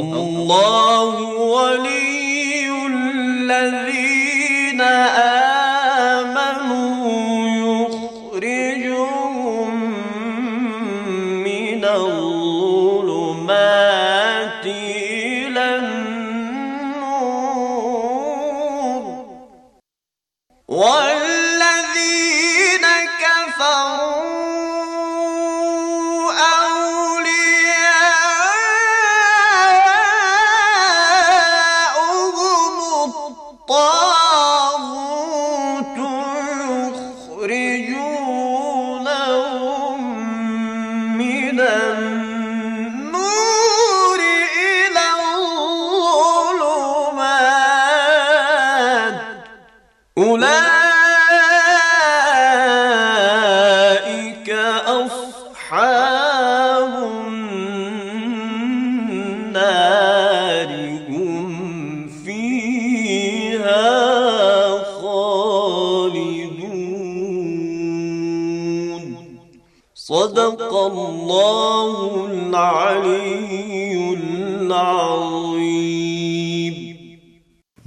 الله ولي الذين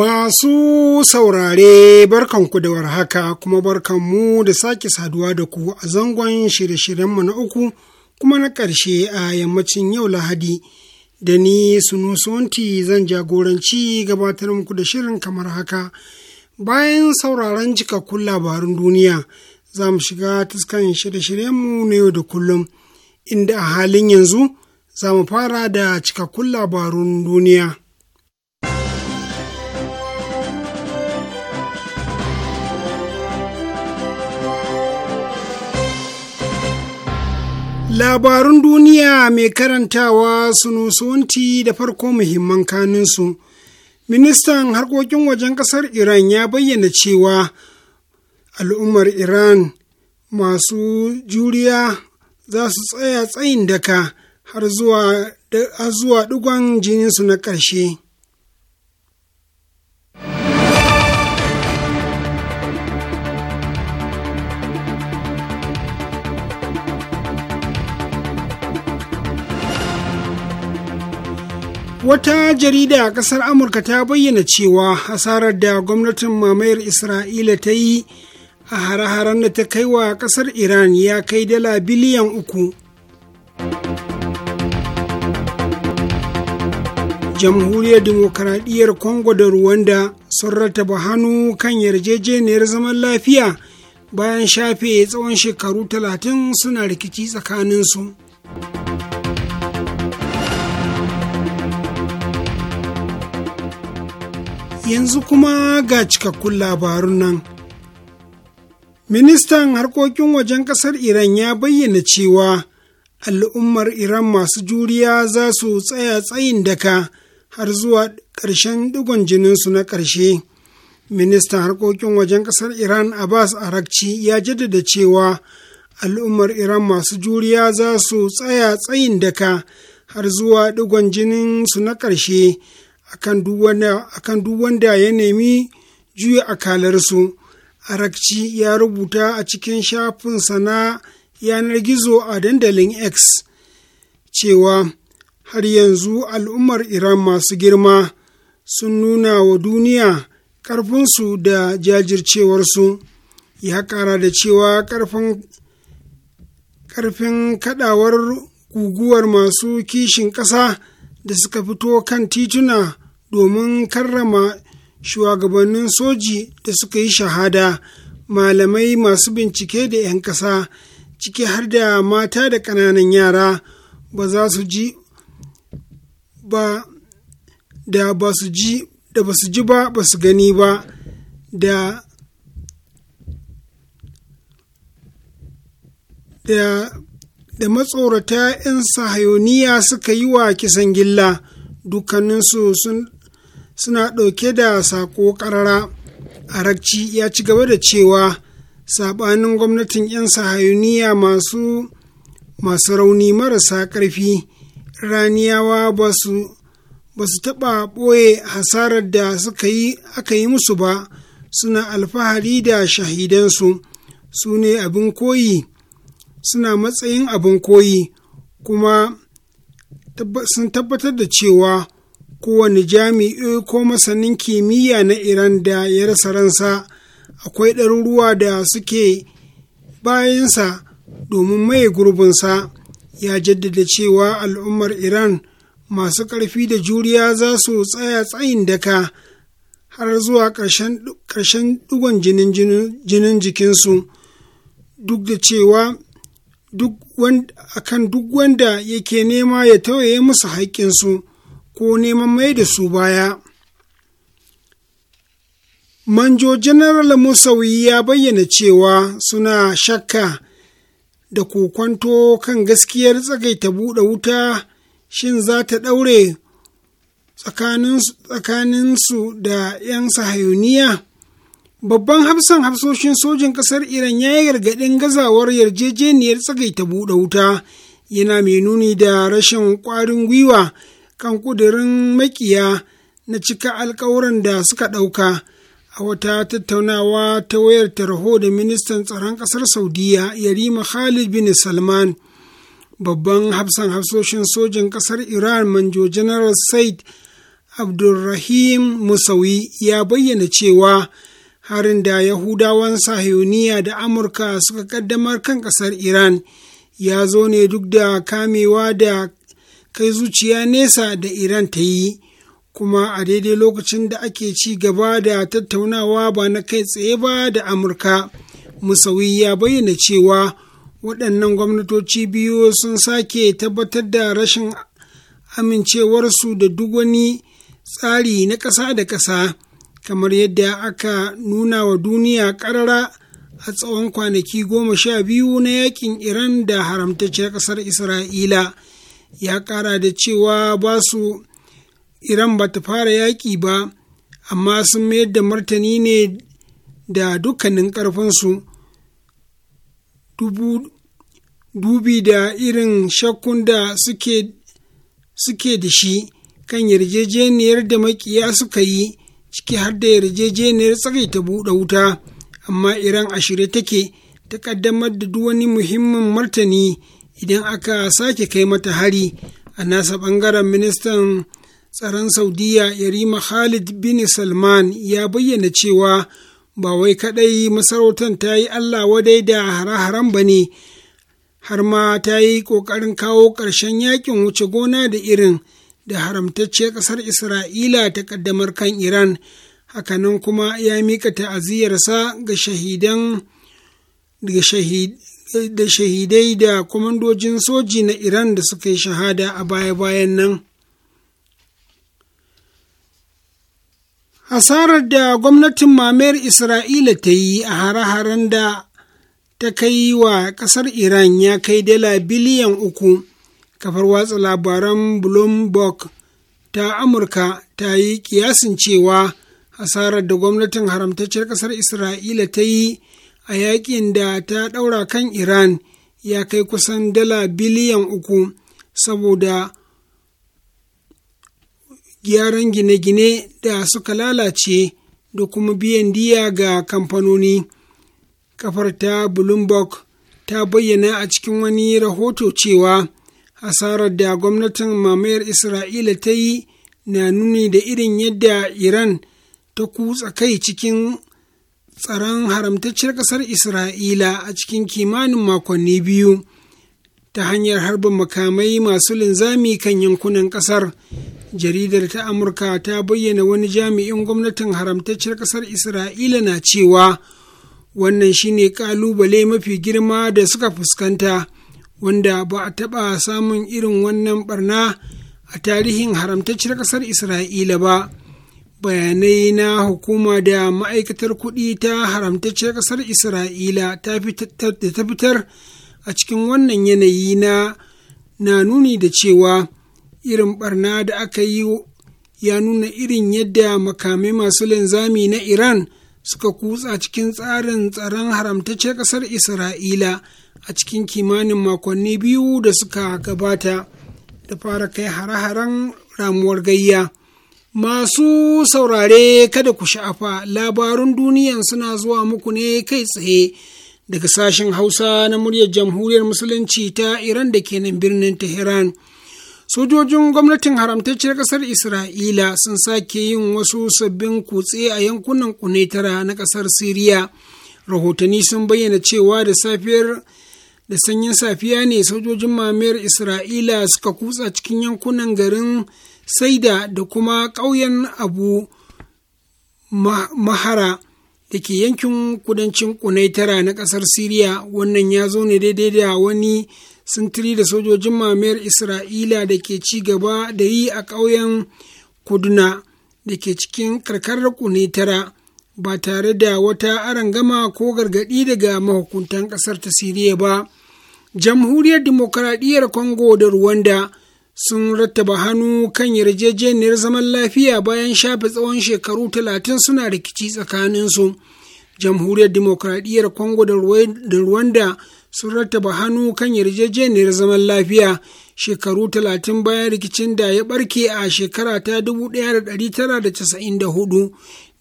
Masu saurare barkanku da warhaka kuma barkanmu da sake saduwa da ku a zangon shirye-shiryenmu na uku kuma na ƙarshe a yammacin yau Lahadi da ni sunusunti zan jagoranci gabatar muku da shirin kamar haka. Bayan sauraron cikakkun labarun duniya za mu shiga tuskan shirye-shiryenmu na yau da kullum inda a halin yanzu za mu fara da cikakkun labarun duniya. Labarun duniya mai karantawa sunusunti da farko muhimman kaninsu, Ministan harkokin wajen ƙasar Iran ya bayyana cewa al'ummar Iran masu juriya za su tsaya tsayin daka har zuwa ɗigon jininsu na ƙarshe. Wata jarida a ƙasar Amurka ta bayyana cewa hasarar da gwamnatin mamayar Isra'ila ta yi a hare-haren da ta kai wa ƙasar Iran ya kai dala biliyan uku. Jamhuriyar Dimokuraɗiyyar Kongo da Rwanda sun rattaba hannu kan yarjejeniyar zaman lafiya bayan shafe tsawon shekaru talatin suna rikici tsakaninsu. su. yanzu kuma ga cikakkun labarun nan ministan harkokin wajen ƙasar iran ya bayyana cewa al'ummar iran masu juriya za su tsaya tsayin daka har zuwa ƙarshen digon jininsu na ƙarshe ministan harkokin wajen ƙasar iran abbas arakci ya jaddada cewa al'ummar iran masu juriya za su tsaya tsayin daka har zuwa digon jininsu na ƙarshe a kan duk wanda ya nemi juya akalarsu arakci ya rubuta a cikin shafinsa na yanar gizo a dandalin x cewa har yanzu al'ummar iran masu girma sun nuna wa duniya ƙarfinsu da jajircewarsu ya ƙara da cewa ƙarfin kaɗawar guguwar masu kishin ƙasa da suka fito kan tituna domin karrama shugabannin soji da suka yi shahada malamai masu bincike da 'yan ƙasa ciki har da mata da ƙananan yara ba za su ji ba da ba su ji da ba su ji ba ba su gani ba da da da matsorata 'yan sahayoniya suka yi wa kisan gilla dukkaninsu suna ɗauke da saƙo ƙarara arakci ya ci gaba da cewa saɓanin gwamnatin 'yan sahayoniya masu masu rauni marasa ƙarfi raniyawa ba su taɓa ɓoye hasarar da suka aka yi musu ba suna alfahari da shahidansu su ne abin koyi suna matsayin abin koyi kuma sun tabbatar da cewa kowane jami'i ko masanin kimiyya na iran da ya rasa ransa akwai ɗaruruwa da suke bayansa domin maye gurbinsa ya jaddada cewa al'ummar iran masu ƙarfi da juriya za su tsaya tsayin daka har zuwa ƙarshen ɗigon jinin jikinsu duk da cewa a kan duk wanda yake nema ya tauye musu haƙƙinsu ko neman mai da su baya. Manjo General Musawi ya bayyana cewa suna shakka da kokwanto kan gaskiyar tsagaita buɗe wuta shin za ta ɗaure tsakaninsu da ‘yan sahayuniya? Babban hafsan hafsoshin sojin ƙasar Iran ya yi gargaɗin gazawar yarjejeniyar tsagaita buɗe wuta, yana mai nuni da rashin ƙwarin gwiwa kan ƙudurin makiya na cika alkawuran da suka ɗauka. A wata tattaunawa ta wayar tarho da ministan tsaron ƙasar Saudiya, Yarima Khalid bin Salman, babban hafsan hafsoshin sojin ƙasar Iran, Manjo General Said Abdulrahim Musawi ya bayyana cewa. harin da yahudawan sahiyoniya da amurka suka kaddamar kan ƙasar iran ya zo ne duk da kamewa da kai zuciya nesa da iran ta yi kuma a daidai lokacin da ake ci gaba da tattaunawa ba na kai tsaye ba da amurka musawi ya bayyana cewa waɗannan gwamnatoci biyu sun sake tabbatar da rashin amincewarsu da duk wani tsari na ƙasa da ƙasa kamar yadda aka nuna wa duniya ƙarara a tsawon kwanaki goma sha biyu na yakin iran da haramtacciyar ƙasar isra'ila ya ƙara da cewa ba su iran ba ta fara yaƙi ba amma sun mayar da martani ne da dukkanin ƙarfinsu dubi da irin shakkun da suke da shi kan yarjejeniyar da makiya suka yi ciki har da yarjejeniyar ta buɗe wuta amma iran a shirye take ta ƙaddamar da duk wani muhimmin martani idan aka sake kai mata hari a nasa ɓangaren ministan tsaron saudiya yarima khalid bin salman ya bayyana cewa ba wai kaɗai masarautar ta yi allah wadai da hare-haren ba ne har ma ta yi ƙoƙarin kawo ƙarshen yakin wuce gona da irin da haramtacciyar ƙasar Isra'ila ta ƙaddamar kan Iran, hakanan kuma ya miƙa ta'aziyarsa ga shahidan da shahidai da kwamandojin soji na Iran da suka yi shahada a baya-bayan nan. Hasarar da gwamnatin mamayar Isra'ila ta yi a hare-haren da ta kai wa ƙasar Iran ya kai dala biliyan uku. kafar watsa labaran bloomberg ta amurka ta yi kiyasin cewa hasarar da gwamnatin haramtacciyar kasar isra'ila ta yi a yakin da ta ɗaura kan iran ya kai kusan dala biliyan uku saboda gyaran gine-gine da suka lalace da kuma biyan diya ga kamfanoni kafar ta bloomberg ta bayyana a cikin wani rahoto cewa hasarar da gwamnatin mamayar isra'ila ta yi na nuni da irin yadda iran ta kutsa kai cikin tsaron haramtacciyar ƙasar isra'ila a cikin kimanin makonni biyu ta hanyar harbin makamai masu linzami kan yankunan ƙasar jaridar ta amurka ta bayyana wani jami'in gwamnatin haramtacciyar ƙasar isra'ila na cewa wannan shine ƙalubale mafi girma da suka fuskanta. wanda ba a taɓa samun irin wannan barna a tarihin haramtacciyar ƙasar isra'ila ba bayanai na hukuma da ma'aikatar kuɗi ta haramtacciyar ƙasar isra'ila da ta fitar a cikin wannan yanayi na na nuni da cewa irin barna da aka yi ya nuna irin yadda makamai masu linzami na iran suka kutsa cikin tsarin tsaron haramtacciyar ƙasar isra'ila a cikin kimanin makonni biyu da suka gabata da fara kai hare-haren ramuwar gayya. Masu saurare kada ku sha'afa labarun duniyan suna zuwa muku ne kai tsaye daga sashen Hausa na muryar Jamhuriyar Musulunci ta Iran da ke nan birnin Tehran. Sojojin gwamnatin haramtacciyar ƙasar Isra'ila sun sake yin wasu sabbin kutse a yankunan kunetara na ƙasar Siriya. Rahotanni sun bayyana cewa da safiyar da sanyin safiya ne sojojin mamayar isra'ila suka kutsa cikin yankunan garin saida da kuma ƙauyen abu mahara da ke yankin kudancin kunaitara na ƙasar siriya wannan ya zo ne daidai da wani sintiri da sojojin mamayar isra'ila da ke ci gaba da yi a ƙauyen kuduna da ke cikin karkarar kunaitara ba tare da wata arangama ko gargaɗi daga mahukuntan ƙasar ta siriya ba jamhuriyar dimokuraɗiyyar Kongo da rwanda sun rattaba hannu kan yarjejeniyar zaman lafiya bayan shafe tsawon shekaru talatin suna rikici tsakaninsu jamhuriyar dimokuraɗiyyar Kongo da rwanda sun rattaba hannu kan yarjejeniyar zaman lafiya shekaru talatin bayan rikicin da ya barke a shekara ta 1994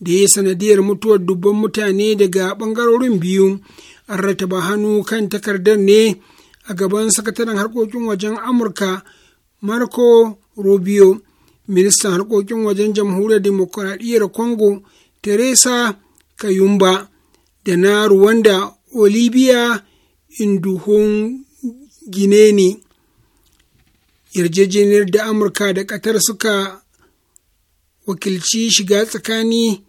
da ya sanadiyar mutuwar dubban mutane daga ɓangarorin biyu an rattaba hannu kan takardar ne a gaban sakataren harkokin wajen amurka marco rubio ministan harkokin wajen jamhuriyar demokuraɗiyyar congo teresa kayumba da na rwanda olivia induhun gineni yarjejeniyar da amurka da ƙatar suka wakilci shiga tsakani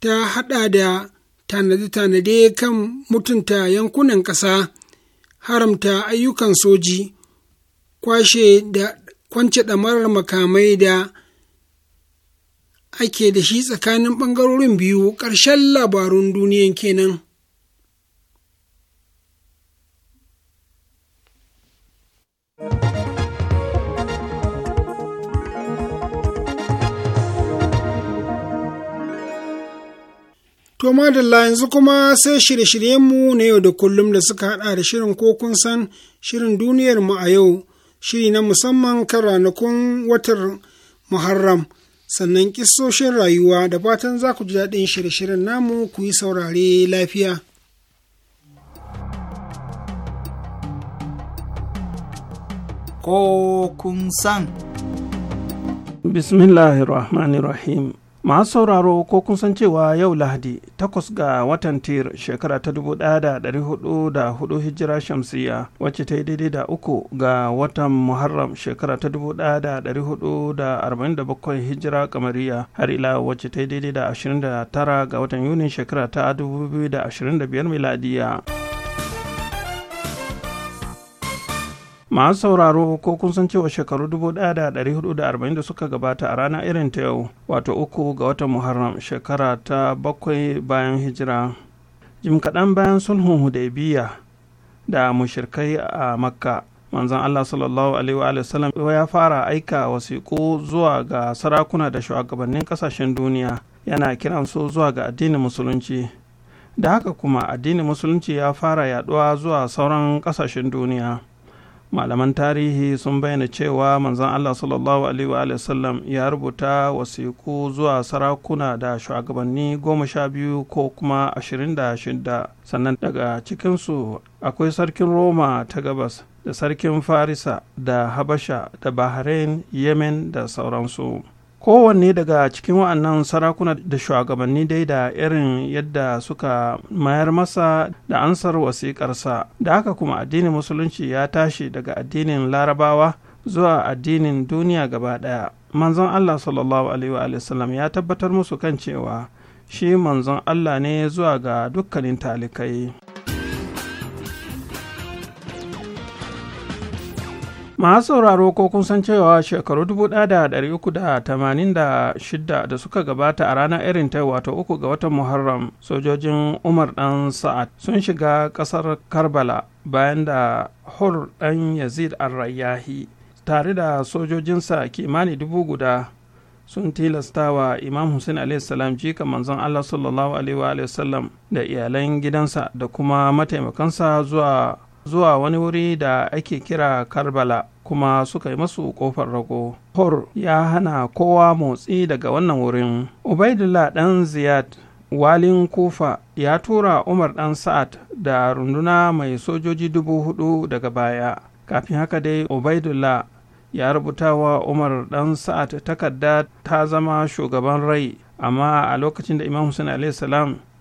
ta hada da tanade-tanade kan mutunta yankunan ƙasa haramta ayyukan soji kwashe da kwance ɗamarar makamai da ake da shi tsakanin ɓangarorin biyu ƙarshen labarun duniyan kenan. To madalla yanzu kuma sai shirye-shiryenmu na yau da kullum da suka hada da shirin ko kun san shirin duniyar mu a yau shiri na musamman kan ranakun watar Muharram sannan kisoshin rayuwa da fatan za ku ji daɗin shirye-shiryen namu ku yi saurare lafiya. Ko kun san. Bismillahirrahmanirrahim. masu sauraro ko kun san cewa yau lahadi takwas ga watan tir shekara ta 1404 hijira shamsiya wacce ta yi daidai da uku ga watan muharram shekara ta 1447 hijira kamariya har ila wacce ta yi daidai da 29 ga watan yunin shekara ta 2025 miladiya. masu sauraro ko kun san cewa shekaru 1440 da suka gabata a rana irin ta yau wato uku ga watan muharram shekara ta bakwai bayan hijira jim kaɗan bayan sulhun hudaybiya da mushirkai a makka manzon allah sallallahu alaihi wa sallam ya fara aika wasiƙu zuwa ga sarakuna da shugabannin ƙasashen duniya yana kiran su zuwa ga addinin musulunci da haka kuma addinin musulunci ya fara yaɗuwa zuwa sauran ƙasashen duniya malaman tarihi sun bayyana cewa manzon allah sallallahu alaihi wa sallam ya rubuta wasiku zuwa sarakuna da shugabanni goma sha biyu ko kuma ashirin da shida sannan daga cikinsu akwai sarkin roma ta gabas da sarkin farisa da habasha da bahrain yemen da sauransu kowanne daga cikin wa'annan sarakuna da shugabanni dai da irin yadda suka mayar masa da ansar wasikarsa, da haka kuma addinin musulunci ya tashi daga addinin larabawa zuwa addinin duniya gaba ɗaya manzon allah sallallahu alaihi wa sallam ya tabbatar musu kan cewa shi manzon allah ne zuwa ga dukkanin talikai masu sauraro ko kun san cewa shekaru 1386 da suka gabata a ranar irin ta wato uku ga watan muharram sojojin umar dan sa'ad sun shiga kasar karbala bayan da hur dan yazid al-rayyahi tare da sojojinsa kimani dubu guda sun tilasta wa imam hussein a.s. jika manzon allah sallallahu alaihi da iyalan gidansa da kuma mataimakansa zuwa zuwa wani wuri da ake kira karbala kuma suka yi masu kofar rago hor ya hana kowa motsi daga wannan wurin ubaidullah dan ziyad walin kufa ya tura umar dan sa'ad da runduna mai sojoji dubu hudu daga baya kafin haka dai ubaidullah ya rubuta wa umar dan sa'ad takarda ta zama shugaban rai amma a lokacin da imam hussein a.s.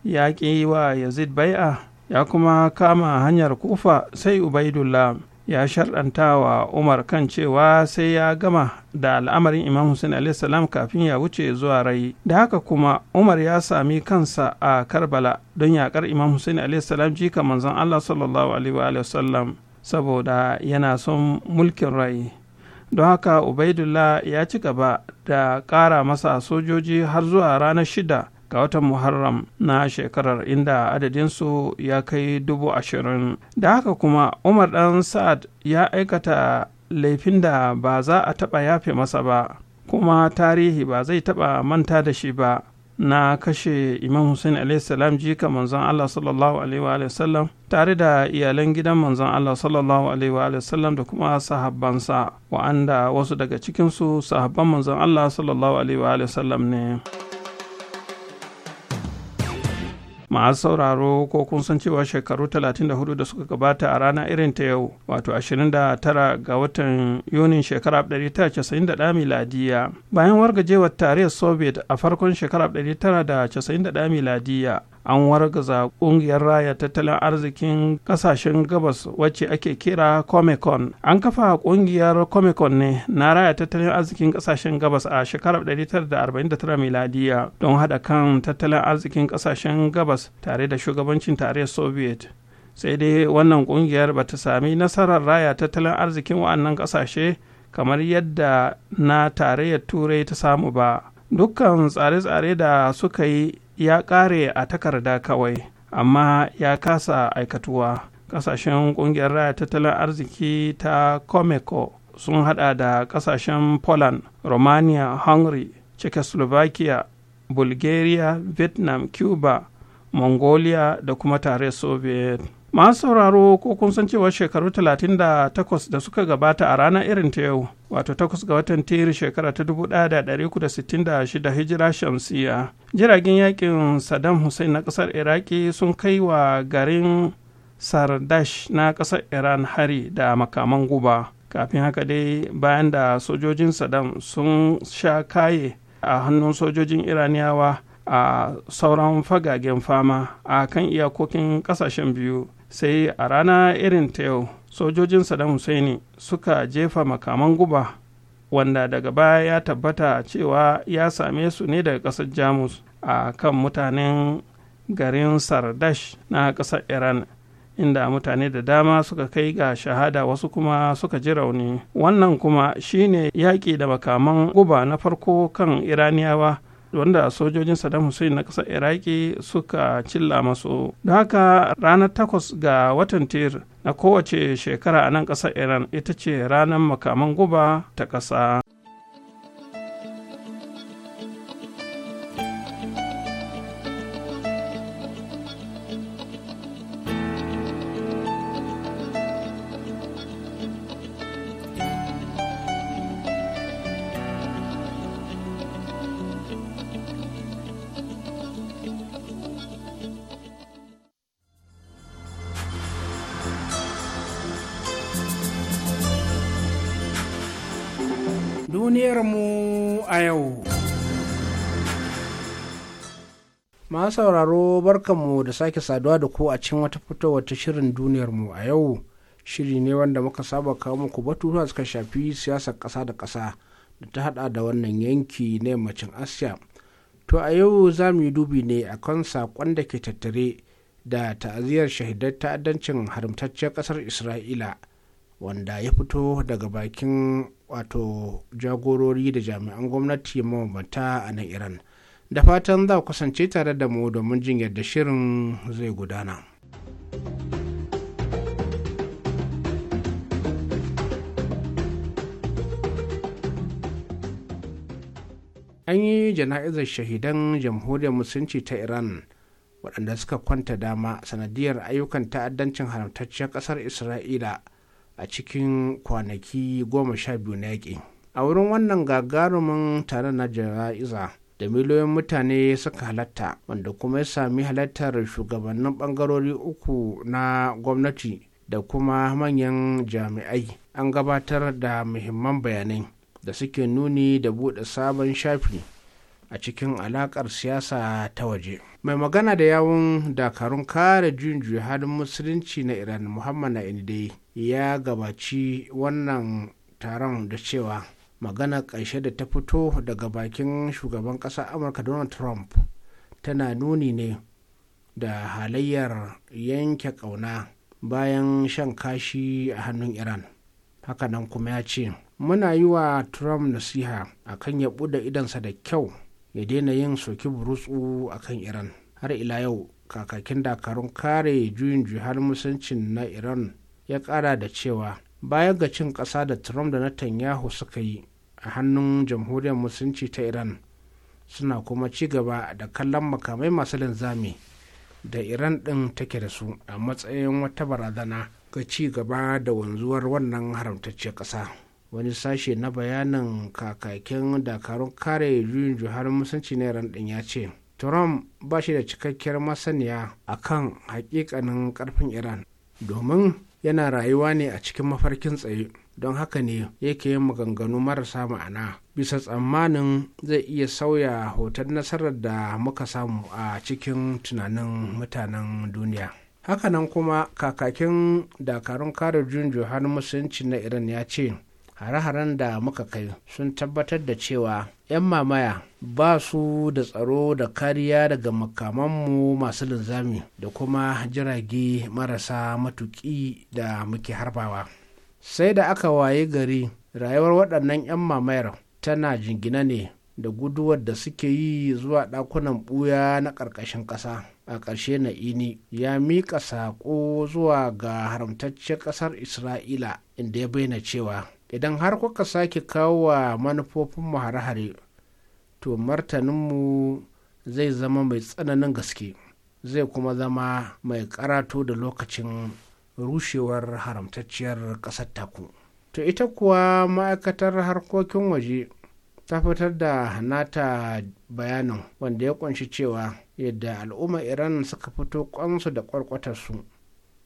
ya ƙi wa yazid bai'a ya kuma kama hanyar kufa sai ubaidullah ya sharɗanta wa umar kan cewa sai ya gama da al'amarin imam hussein salam kafin ya wuce zuwa rai da haka kuma umar ya sami kansa a karbala don yaƙar imam hussein salam jika manzon allah sallallahu alaihi wasallam saboda yana son mulkin rai don haka ubaidullah ya ci gaba da ƙara masa sojoji har zuwa ranar shida ga watan muharram na shekarar inda adadinsu ya kai dubu ashirin da haka kuma umar ɗan sa'ad ya aikata laifin da ba za a taɓa yafe masa ba kuma tarihi ba zai taɓa manta da shi ba na kashe imam hussein salam jika manzon allah sallallahu alaihi wasallam tare da iyalan gidan manzon allah sallallahu alaihi wasallam da kuma sahabbansa wa'anda wasu daga cikinsu sahabban manzon allah sallallahu alaihi wasallam ne. masu sauraro ko kun san cewa shekaru 34 da suka gabata a rana irin ta yau wato 29 ga watan yunin shekara 1991 miladiya bayan wargajewar tarayyar soviet a farkon shekara 1991 miladiya an wargaza kungiyar raya tattalin arzikin kasashen gabas wacce ake kira comecon an kafa kungiyar comecon ne na raya tattalin arzikin kasashen gabas a shekarar 1949 miladiya don hada kan tattalin arzikin kasashen gabas tare da shugabancin tarayyar soviet sai dai wannan kungiyar ba ta sami nasarar raya tattalin arzikin wa'annan kasashe kamar yadda na tarayyar turai ta samu ba dukkan tsare-tsare da suka yi ya kare a takarda kawai amma ya kasa aikatuwa kasashen kungiyar raya tattalin arziki ta comeco sun hada da kasashen poland romania hungary czechoslovakia bulgaria vietnam cuba mongolia da kuma tare soviet masu sauraro ko kun san cewa shekaru 38 da suka gabata a ranar irin ta yau wato 8 ga watan tiri shekara ta 1966 hijira shamsiya jiragen yakin saddam hussein na kasar iraki sun kai wa garin sardash na kasar iran hari da makaman guba kafin haka dai bayan da sojojin saddam sun sha kaye a hannun sojojin iraniyawa a sauran fagagen fama a kan iyakokin kasashen biyu sai a rana irin ta yau sojojin Saddam Husaini suka jefa makaman guba wanda daga baya ya tabbata cewa ya same su ne daga ƙasar Jamus a kan mutanen garin Sardash na ƙasar Iran. inda mutane da dama suka kai ga shahada wasu kuma suka ji rauni wannan kuma shine yaƙi da makaman guba na farko kan iraniyawa wanda sojojin saddam hussein na ƙasar iraki suka cilla masu don haka ranar takwas ga watan tir na kowace shekara a nan ƙasar iran ita ce ranar makaman guba ta ƙasa mu a yau. Masu sauraro barkanmu da sake saduwa da ku a cikin wata fitowar ta shirin duniyar mu a yau. Shiri ne wanda muka saba kawo muku batutuwa suka shafi siyasar ƙasa da ƙasa da ta hada da wannan yanki na yammacin Asiya. To a yau za mu yi dubi ne a kan saƙon da ke tattare da ta'aziyar shahidar ta'addancin haramtacciyar ƙasar Isra'ila. wanda ya fito daga bakin wato jagorori da jami'an gwamnati mabambanta a nan iran da fatan za kusance tare da mu domin jin yadda shirin zai gudana. an yi jana'izar shahidan jamhuriyar musulunci ta iran waɗanda suka kwanta dama sanadiyar ayyukan ta'addancin haramtacciyar ƙasar isra'ila a cikin kwanaki goma sha biyu na yaƙi a wurin wannan gagarumin tare na jana'iza da miliyoyin mutane suka halatta wanda kuma ya sami halattar shugabannin ɓangarori uku na gwamnati da kuma manyan jami'ai an gabatar da muhimman bayanai da suke nuni da buɗe sabon shafi a cikin alaƙar siyasa ta waje mai magana da yawun dakarun kare juyin halin musulunci na iran muhammad na inidai ya gabaci wannan taron da cewa magana ƙarshe da ta fito daga bakin shugaban ƙasa amurka donald trump tana nuni ne da halayyar yanke ƙauna bayan shan kashi a hannun iran hakanan kuma ya ce muna yi wa trump nasiha akan ya buɗe idansa da kyau ya daina yin soki burutsu a kan iran har ila yau kakakin dakarun kare juyin juhar musuncin na iran ya kara da cewa "Bayan ga cin ƙasa da trump da netanyahu suka yi a hannun jamhuriyar musulunci ta iran suna kuma ci gaba da kallon makamai masu linzami da iran ɗin take da su a matsayin wata barazana ga ci gaba da wanzuwar wannan haramtacciyar ƙasa wani sashe na bayanin kakakin dakarun kare juyin Juhar musulunci na iran din ya ce trump ba shi da cikakkiyar masaniya akan hakikanin karfin iran domin yana rayuwa ne a cikin mafarkin tsaye don haka ne yake yin maganganu marasa ma'ana bisa tsammanin zai iya sauya hoton nasarar da muka samu a cikin tunanin mutanen duniya hakanan kuma kakakin dakarun kare jun har musulunci na iran ya ce hare-haren da muka kai sun tabbatar da cewa 'yan mamaya ba su da tsaro da kariya daga makamanmu masu linzami da kuma jirage marasa matuƙi da muke harbawa sai da aka waye gari rayuwar waɗannan 'yan mamayar tana jingina ne da guduwar da suke yi zuwa ɗakunan ɓuya na ƙarƙashin ƙasa a ƙarshe na ini ya miƙa saƙo zuwa ga haramtaccen ƙasar isra'ila inda ya bayyana cewa idan har kuka sake kawo wa manufofinmu hare-hare to martaninmu zai zama mai tsananin gaske zai kuma zama mai karato da lokacin rushewar haramtacciyar ƙasar taku to ita kuwa ma'aikatar harkokin waje ta fitar da nata bayanin wanda ya kunshi cewa yadda al'umma iran suka fito kwansu da kwarkwatarsu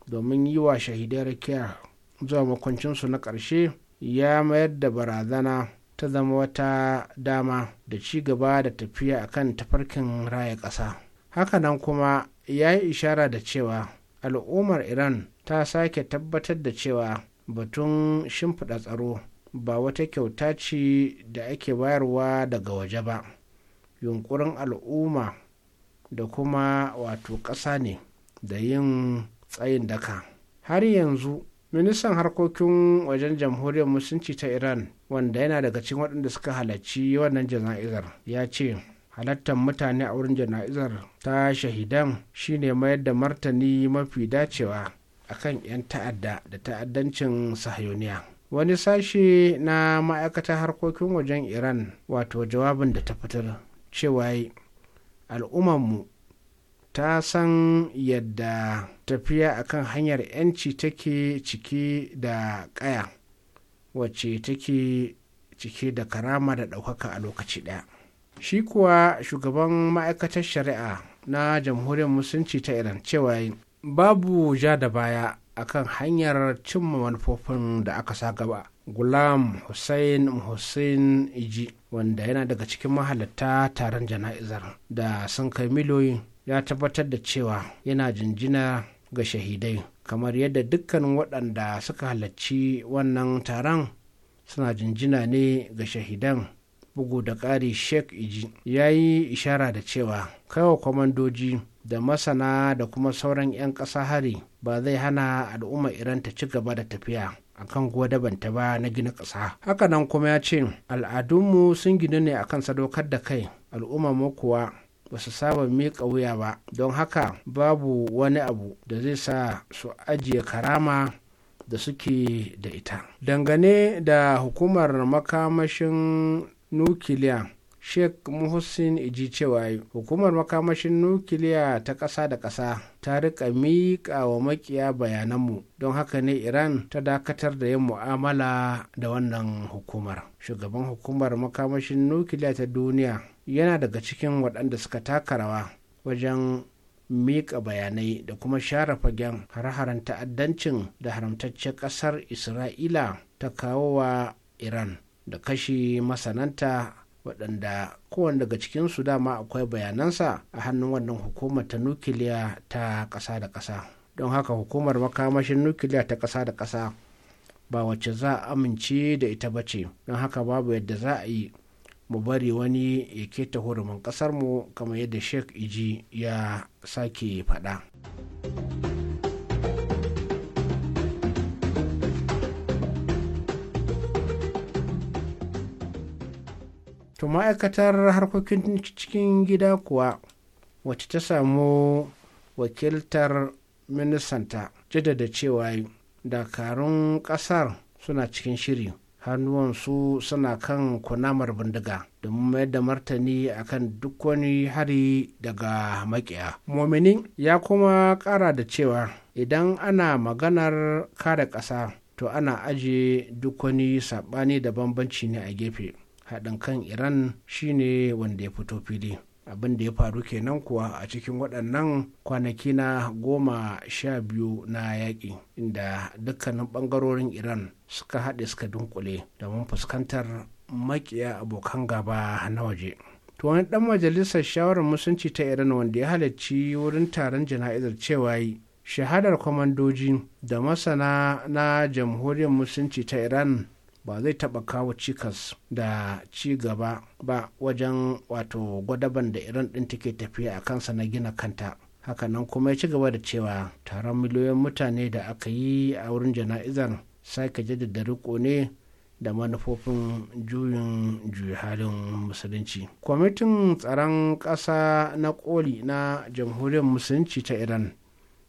domin yi wa shahidai rakiya zuwa makwancinsu na ƙarshe ya mayar da barazana ta zama wata dama da ci gaba da tafiya a kan tafarkin raya ƙasa hakanan kuma ya yi ishara da cewa al'ummar iran ta sake tabbatar da cewa batun shimfiɗa tsaro ba wata kyauta ce da ake bayarwa daga waje ba yunkurin al'umma da kuma wato ƙasa ne da yin tsayin daka har yanzu ministan harkokin wajen jamhuriyar musulunci ta iran wanda yana daga cikin waɗanda suka halarci wannan jana'izar ya ce halattar mutane a wurin jana'izar ta shahidan shine mayar da martani mafi dacewa a kan 'yan ta'adda da ta'addancin sahayoniya wani sashe na ma'aikatar harkokin wajen iran wato jawabin da ta fitar cewa al'ummarmu ta san yadda tafiya akan hanyar 'yanci take cike da ƙaya wacce take cike da karama da ɗaukaka a lokaci ɗaya shi kuwa shugaban ma'aikatar shari'a na jamhuriyar musulunci ta iran cewa babu ja da baya akan hanyar cimma manufofin da aka sa gaba gulam hussein hussein iji wanda yana daga cikin mahalatta taron jana'izar da sun kai miliyoyin ya tabbatar da cewa yana jinjina ga shahidai kamar yadda dukkanin waɗanda suka halarci wannan taron suna jinjina ne ga shahidan bugu da ƙari sheikh iji ya yi ishara da cewa kaiwa kwamandoji da masana da kuma sauran 'yan ƙasa hari ba zai hana al'umma iran ta ci gaba da tafiya a akan gwadabanta ba na gina ƙasa hakanan kuma ya ce al'adunmu sun ginu ne akan sadaukar da kai al'umma mu kuwa ba su saba miƙa wuya ba don haka babu wani abu da zai sa su ajiye karama da suke da ita dangane da hukumar makamashin nukiliya sheikh muhsin iji cewa hukumar makamashin nukiliya ta ƙasa da ƙasa ta riƙa miƙa wa makiya bayananmu don haka ne iran ta dakatar da yin mu'amala da wannan hukumar shugaban hukumar makamashin nukiliya ta duniya yana daga cikin waɗanda suka taka rawa wajen miƙa bayanai da kuma share fagen har-haren ta'addancin da haramtaccen ƙasar isra'ila ta kawo wa iran da kashi masananta waɗanda kowane daga cikinsu dama akwai bayanansa a hannun wannan hukumar ta nukiliya ta ƙasa da ƙasa don haka hukumar makamashin nukiliya ta ƙasa da ƙasa ba wacce za a amince da ita ba ce don haka babu yadda za a yi mu bari wani ya keta hurumin mu kamar yadda sheikh iji ya sake faɗa. to ma'aikatar harkokin cikin gida kuwa wacce ta samu wakiltar ministanta jaddada cewa dakarun kasar suna cikin shiri hannuwansu suna kan kunamar bindiga domin mayar da martani kan duk wani hari daga makiya. mominin ya kuma ƙara da cewa idan ana maganar kare ƙasa to ana aje duk wani saɓani da bambanci ne a gefe haɗin kan iran shine wanda ya fito fili abin da ya faru kenan kuwa a cikin waɗannan kwanaki na goma sha biyu na yaƙi inda dukkanin ɓangarorin iran suka haɗe suka dunkule domin fuskantar makiya abokan gaba na waje to wani ɗan majalisar shawarar musunci ta iran wanda ya halarci wurin taron jana'izar cewa yi shahadar kwamandoji da masana na jamhuriyar musulunci ta iran ba zai taɓa kawo cikas da ci gaba ba wajen wato gwadaban da iran ɗin take tafiya a kansa na gina kanta hakanan kuma ya ci gaba da cewa taron miliyoyin mutane da aka yi a wurin jana'izar sake jaddada riko ne da manufofin juyin juyi halin musulunci kwamitin tsaron ƙasa na koli na jamhuriyar musulunci ta iran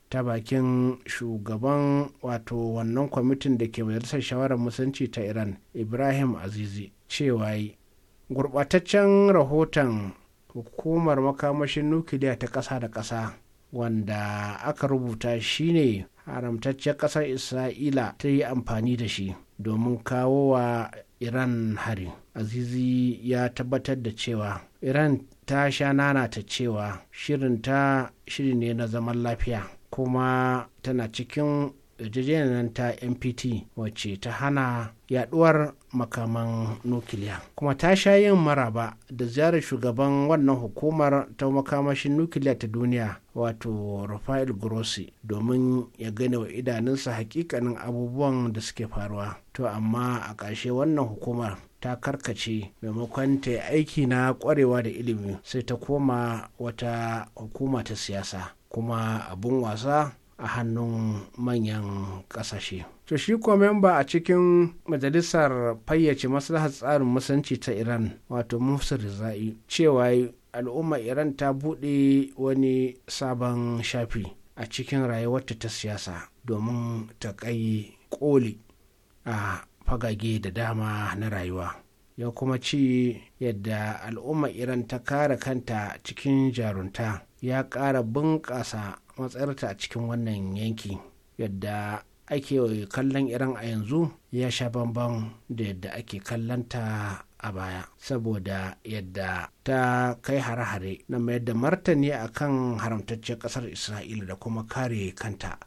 ta bakin shugaban wato wannan kwamitin da ke majalisar shawarar musanci ta iran ibrahim azizi cewa yi gurbataccen rahoton hukumar makamashin nukiliya ta ƙasa da ƙasa wanda aka rubuta shi ne haramtaccen ƙasar isra'ila ta yi amfani da shi domin kawo wa iran hari azizi ya tabbatar da cewa iran ta sha nana ta cewa shirinta shiri ne na zaman lafiya kuma tana cikin yarjejeniyar ta npt wacce ta hana yaduwar makaman nukiliya kuma ta sha yin maraba da ziyarar shugaban wannan hukumar ta makamashin nukiliya ta duniya wato rafael grossi domin ya gane wa idanunsa hakikanin abubuwan da suke faruwa to amma a ƙarshe wannan hukumar ta karkace maimakon ta aiki na kwarewa da ilimi sai ta koma wata hukuma ta siyasa kuma abun wasa a hannun manyan kasashe. To shi kuwa memba a cikin majalisar fayyace maslahar tsarin musanci ta Iran wato Mufsir Rizai cewa al'ummar Iran ta buɗe wani sabon shafi a cikin rayuwarta ta siyasa domin ta kai koli a fagage da dama na rayuwa. ya kuma ci yadda al'umma iran ta kare kanta cikin jarunta ya ƙara bunƙasa matsayarta a cikin wannan yanki yadda ake kallon iran a yanzu ya sha bamban da yadda ake kallonta a baya saboda yadda ta kai hare-hare na mayar da martani akan haramtaccen ƙasar isra'ila da kuma kare kanta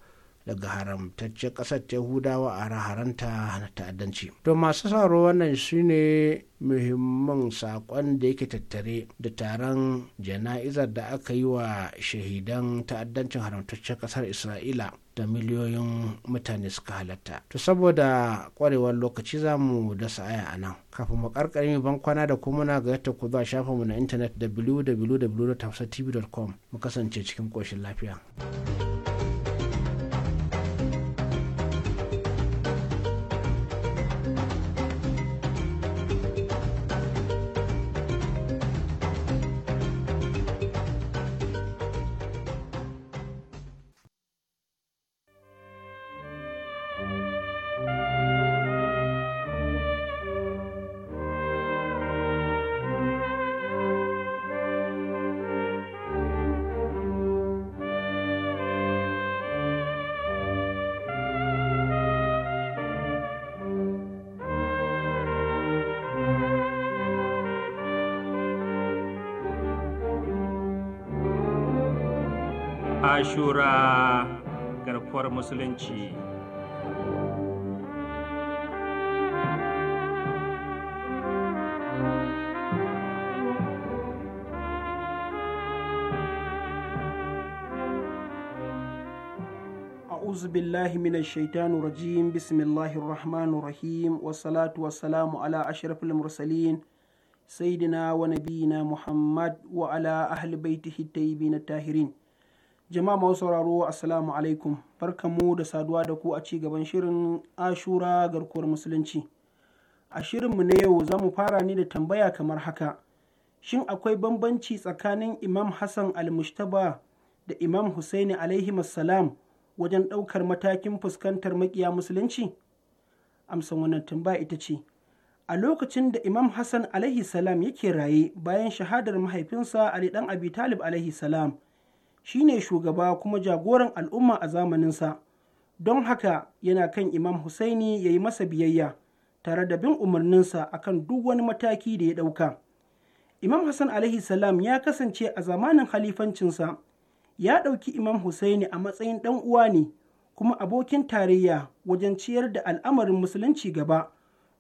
daga haramtaccen ƙasar yahudawa a raharanta na ta'addanci to masu sauro wannan shine muhimman saƙon da yake tattare da taron jana'izar da aka yi wa shahidan ta'addancin haramtaccen kasar isra'ila da miliyoyin mutane suka halatta to saboda kwarewar lokaci za mu dasa aya a nan kafin mu karkare ban kwana da kuma na ga yadda ku zuwa mu na intanet www.tafsatv.com mu kasance cikin koshin lafiya. ashura garkuwar musulunci a'udhu billahi minash shaitani rajim bismillahir rahmanir rahim wassalatu wassalamu ala ashrafil mursalin sayyidina wa nabiyina muhammad wa ala ahli baitihi na tahirin jama'a masu sauraro assalamu alaikum barkamu da saduwa da ku a ci gaban shirin ashura garkuwar musulunci a shirinmu na yau za mu fara ne da tambaya kamar haka shin akwai bambanci tsakanin imam hassan al-mustaba da imam husaini alaihi salam wajen ɗaukar matakin fuskantar maƙiya musulunci amsan wannan tambaya ita ce a lokacin da imam hassan alaihi salam yake raye bayan shahadar mahaifinsa ali ɗan abi talib alaihi salam Shi ne shugaba kuma jagoran al'umma a zamaninsa don haka yana kan imam husaini ya yi masa biyayya tare da bin umarninsa akan duk wani mataki da ya ɗauka imam hassan alaihi salam ya kasance a zamanin halifancinsa ya ɗauki imam husaini a matsayin ɗan uwa ne kuma abokin tarayya wajen ciyar da al'amarin musulunci gaba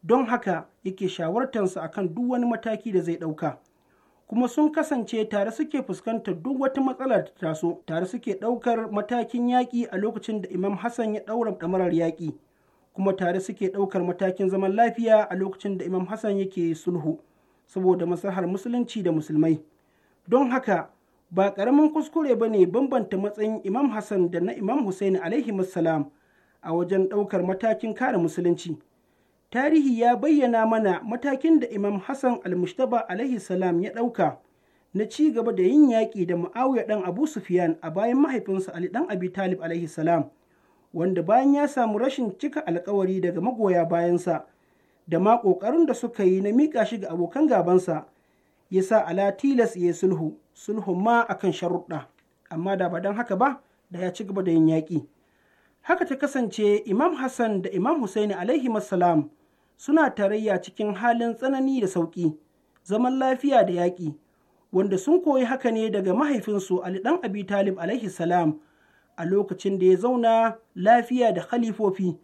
don haka yake shawartansa akan duk wani mataki da zai ɗauka kuma sun kasance tare suke fuskantar duk wata matsala ta taso tare suke ɗaukar matakin yaƙi a lokacin da imam hassan ya ɗaura ɗamarar yaƙi kuma tare suke ɗaukar matakin zaman lafiya a lokacin da imam hassan yake sulhu saboda masahar musulunci da musulmai don haka ba ƙaramin kuskure ba ne bambanta matsayin imam hassan da na imam husaini alaihi a wajen ɗaukar matakin kare musulunci tarihi ya bayyana mana matakin da imam hassan almustaba alaihi salam ya ɗauka na ci gaba da yin yaƙi da ma'awiya ɗan abu Sufiyan a bayan mahaifinsa ali ɗan abi talib alaihi salam wanda bayan ya samu rashin cika alkawari daga magoya bayansa da ma ƙoƙarin da suka yi na miƙa shi ga abokan gabansa ya sa ala tilas ya sulhu sulhu ma akan sharuɗa amma da ba don haka ba da ya ci gaba da yin yaƙi haka ta kasance imam hassan da imam husaini alaihi salam suna tarayya cikin halin tsanani da sauƙi zaman lafiya da yaƙi wanda sun koyi haka ne daga mahaifinsu Ali ɗan Abi Talib alaihi salam a lokacin da ya zauna lafiya da khalifofi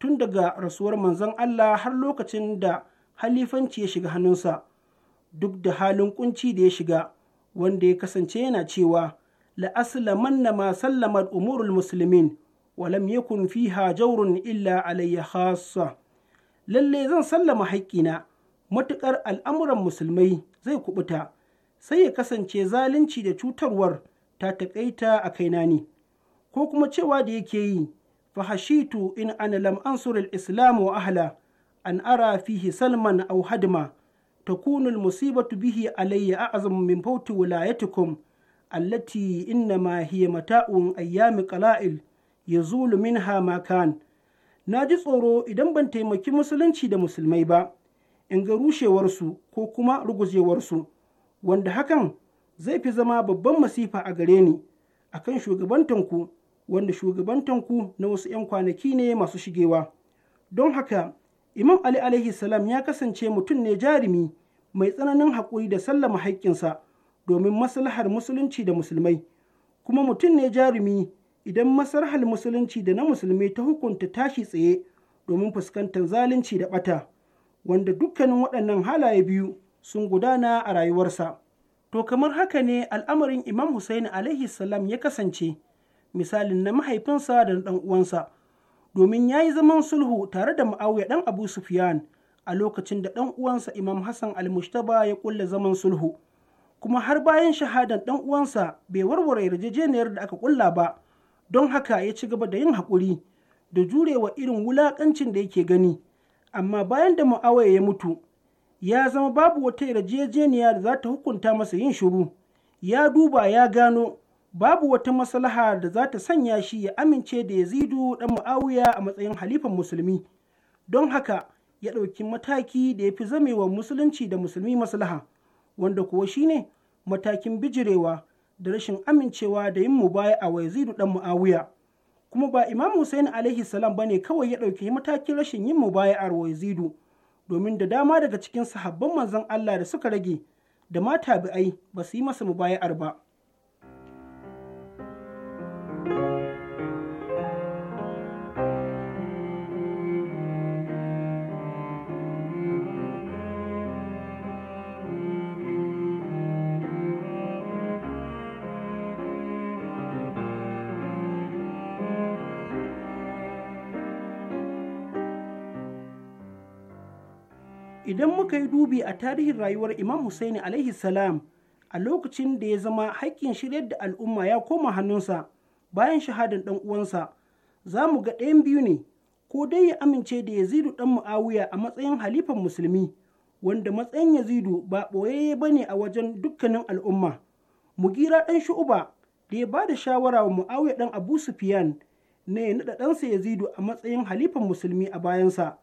tun daga rasuwar manzon Allah har lokacin da halifanci ya shiga hannunsa duk da halin kunci da ya shiga wanda ya kasance yana cewa la aslamanna ma sallamat umurul muslimin wa lam yakun fiha jawrun illa alayya khassa lalle zan sallama haƙƙina matuƙar al'amuran musulmai zai kubuta sai ya kasance zalunci da cutarwar ta taƙaita a kaina ne ko kuma cewa da yake yi fahashitu in ana lam ansur islam wa ahla an ara fihi salman aw hadma takunu al-musibatu bihi alayya a'zamu min fawti wilayatikum allati innama hiya mata'un ayyami qala'il yazulu minha ma makan na ji tsoro idan ban taimaki musulunci da musulmai ba in ga rushewarsu ko kuma rugujewarsu wanda hakan zai fi zama babban masifa a gare ni akan shugabantanku wanda shugabantanku na wasu 'yan kwanaki ne masu shigewa don haka imam ali alaihi salam ya kasance mutum ne jarumi mai tsananin haƙuri da sallama haƙƙinsa domin maslahar musulunci da musulmai kuma mutum ne jarumi idan masarhal musulunci da na musulmi ta hukunta tashi tsaye domin fuskantar zalunci da ɓata wanda dukkanin waɗannan halaye biyu sun gudana a rayuwarsa to kamar haka ne al'amarin imam husaini alaihi salam ya kasance misalin na mahaifinsa da na uwansa domin ya yi zaman sulhu tare da ma'auya ɗan abu sufyan a lokacin da ɗan uwansa imam hassan al-mushtaba ya ƙulla zaman sulhu kuma har bayan shahadan ɗan uwansa bai warware yarjejeniyar da aka ƙulla ba don haka ya ci gaba da yin haƙuri da jurewa irin wulaƙancin da yake gani amma bayan da mu'awaya ya mutu ya zama babu wata yarjejeniya da za ta hukunta masa yin shiru ya duba ya gano babu wata maslaha da za ta sanya shi ya amince da yazidu dan mu'awiya a matsayin halifan musulmi don haka ya ɗauki mataki da ya fi zamewa musulunci da musulmi maslaha wanda kuwa shine matakin bijirewa da rashin amincewa da yin mubaya a Yazidu dan Muawiya kuma ba Imam Hussein alaihi salam bane kawai ya ɗauki matakin rashin yin mubaya'ar Yazidu domin da dama daga cikin sahabban manzon Allah da suka rage da ma tabi'ai ba su yi masa mubaya'ar ba idan muka yi dubi a tarihin rayuwar imam Hussaini alaihi salam a lokacin da ya zama haƙƙin shiryar da al'umma ya koma hannunsa bayan shahadar ɗan uwansa za mu ga ɗayan biyu ne ko dai ya amince da yazidu ɗan mu'awiya a matsayin halifan musulmi wanda matsayin yazidu ba ɓoye ba ne a wajen dukkanin al'umma mugira ɗan shu'uba da ya ba da shawara wa mu'awiya ɗan abu sufiyan ne ya naɗa ɗansa yazidu a matsayin halifan musulmi a bayansa